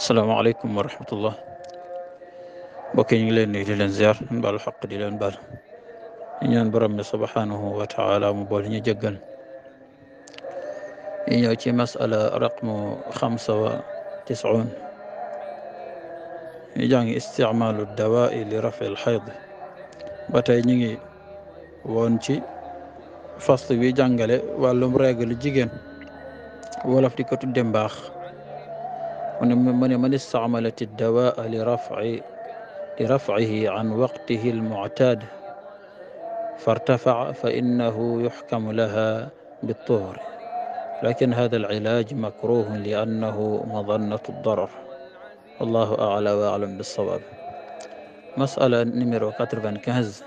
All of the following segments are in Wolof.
السلام عليكم ورحمة الله بكين لين لين زيار بال حق لين بال إن يان سبحانه وتعالى مبالين جغل إن يوتي مسألة رقم خمسة وتسعون إن استعمال الدواء لرفع الحيض باتاي نيغي فصل وي جانغالي والوم ولا فديكو تودي مباخ من من استعملت الدواء لرفع لرفعه عن وقته المعتاد فارتفع فإنه يحكم لها بالطهر لكن هذا العلاج مكروه لأنه مظنة الضرر الله أعلى وأعلم بالصواب مسألة numéro 95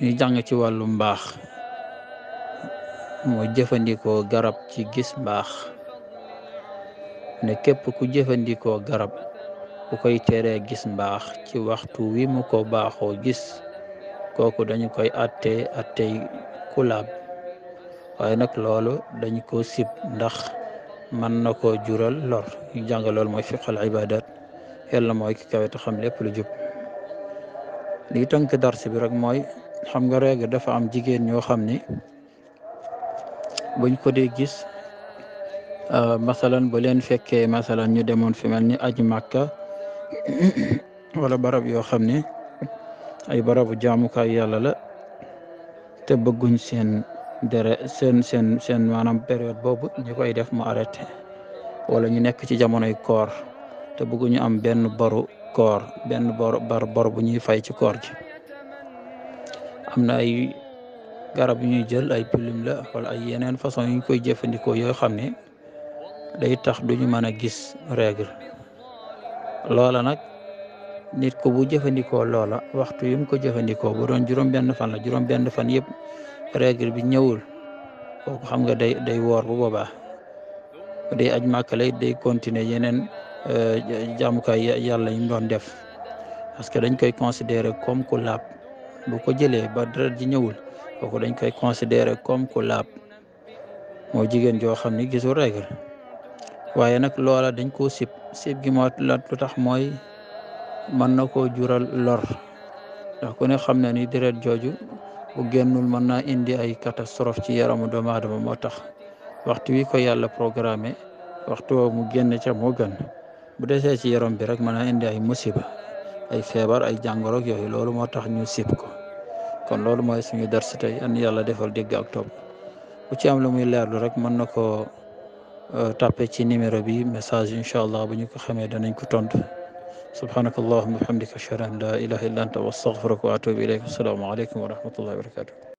ñu jàng ci wàllu mbaax mooy jëfandikoo garab ci ne képp ku jëfandikoo garab ku koy teree gis mbaax ci waxtu wi mu ko baaxoo gis kooku dañ koy attee attey kulaab waaye nag loolu dañ ko sib ndax mën na koo jural lor ñu jàng loolu mooy fiqal ibadat yàlla mooy ki kawe te xam lépp lu jub lii tënk darsi bi rek mooy xam nga reeg dafa am jigéen ñoo xam ni buñ ko dee gis Euh, masalan bu leen fekkee masalan ñu demoon fi mel ni aji màkka wala barab yoo xam ne ay barabu jaamukaay yàlla la te bëgguñ seen dere seen seen seen maanaam période boobu ñu koy def mu arrêté wala ñu nekk ci jamonoy koor te bëgguñu am benn boru koor benn bor bu ñuy fay ci koor ji am na ay garab yu ñuy jël ay pilim la wala ay yeneen façon yu ñu koy jëfandikoo yoo xam ne day tax duñu mën a gis règle loola nag nit ko bu jëfandikoo loola waxtu yum ko jëfandikoo bu doon juróom benn fan la juróom benn fan yëpp règle bi ñëwul kooku xam nga day day woor bu boobaa bu dee aj màkka lay day continuer yeneen euh, jaamukaay yàlla yi mu doon def parce que dañ koy considérer comme ku laab bu ko jëlee ba dara ji ñëwul kooku dañ koy considérer comme ku laab moo jigéen joo xam ni gisul règle waaye nag loola dañ koo sib sib gi moo lu tax mooy mën na ko jural lor ndax ku ne xam na ni deret jooju bu génnul mën naa indi ay catastrophe ci yaramu doomu aadama moo tax waxtu wi ko yàlla programmé waxtu woo mu génn ca moo gën bu desee ci yaram bi rek mën naa indi ay musiba ay feebar ay jàngoroog yooyu loolu moo tax ñu sib ko kon loolu mooy suñu dars tey an yàlla defal dégg ak ci am lu muy leerlu rek mën na koo tàppe ci numéro bi message incha allah bu ñu ko xamee danañ ko tontu subhanaka allahuma wa bihamdika ashhadu an la ilaha illa anta wa astaghfiruka wa atubu ilayk aleykum wa rahmatullahi